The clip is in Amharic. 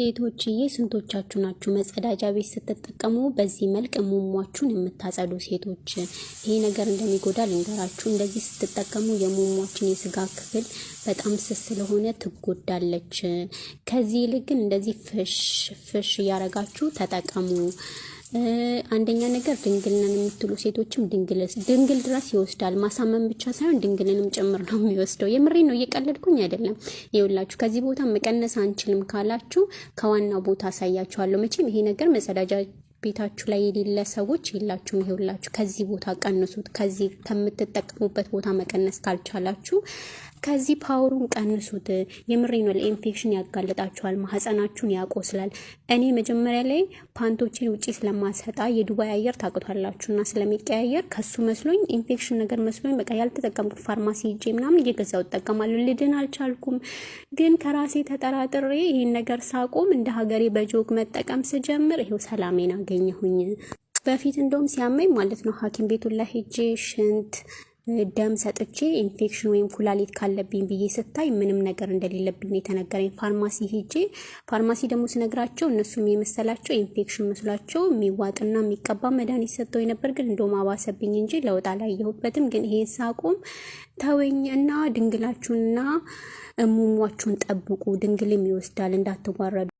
ሴቶችዬ ስንቶቻችሁ ናችሁ መጸዳጃ ቤት ስትጠቀሙ በዚህ መልክ ሙሟችሁን የምታጸዱ ሴቶች? ይሄ ነገር እንደሚጎዳ ልንገራችሁ። እንደዚህ ስትጠቀሙ የሙሟችን የስጋ ክፍል በጣም ስስ ስለሆነ ትጎዳለች። ከዚህ ይልቅ ግን እንደዚህ ፍሽ ፍሽ እያረጋችሁ ተጠቀሙ። አንደኛ ነገር ድንግልነን የምትሉ ሴቶችም ድንግል ድንግል ድረስ ይወስዳል። ማሳመን ብቻ ሳይሆን ድንግልንም ጭምር ነው የሚወስደው። የምሬ ነው፣ እየቀለድኩኝ አይደለም። ይውላችሁ ከዚህ ቦታ መቀነስ አንችልም ካላችሁ ከዋናው ቦታ አሳያችኋለሁ። መቼም ይሄ ነገር መጸዳጃ ቤታችሁ ላይ የሌለ ሰዎች የላችሁም። ይሄውላችሁ ከዚህ ቦታ ቀንሱት። ከዚህ ከምትጠቀሙበት ቦታ መቀነስ ካልቻላችሁ ከዚህ ፓወሩን ቀንሱት። የምሬን ለኢንፌክሽን ያጋልጣችኋል፣ ማህፀናችሁን ያቆስላል። እኔ መጀመሪያ ላይ ፓንቶችን ውጪ ስለማሰጣ የዱባይ አየር ታቅቷላችሁ እና ስለሚቀያየር ከሱ መስሎኝ ኢንፌክሽን ነገር መስሎኝ በቃ ያልተጠቀምኩት ፋርማሲ ሄጄ ምናምን እየገዛው እጠቀማለሁ። ልድን አልቻልኩም። ግን ከራሴ ተጠራጥሬ ይህን ነገር ሳቆም እንደ ሀገሬ በጆግ መጠቀም ስጀምር ይሄው ሰላሜን አገኘሁኝ። በፊት እንደውም ሲያመኝ ማለት ነው ሐኪም ቤቱን ላይ ሄጄ ሽንት ደም ሰጥቼ ኢንፌክሽን ወይም ኩላሊት ካለብኝ ብዬ ስታይ ምንም ነገር እንደሌለብኝ የተነገረኝ ፋርማሲ ሄጄ ፋርማሲ ደግሞ ስነግራቸው እነሱም የመሰላቸው ኢንፌክሽን መስሏቸው የሚዋጥና የሚቀባ መድኃኒት ሰጥተው ነበር። ግን እንደውም አባሰብኝ እንጂ ለውጥ አላየሁበትም። ግን ይሄን ሳቁም ተወኝ እና ድንግላችሁንና እሙሟችሁን ጠብቁ። ድንግልም ይወስዳል እንዳትዋረዱ።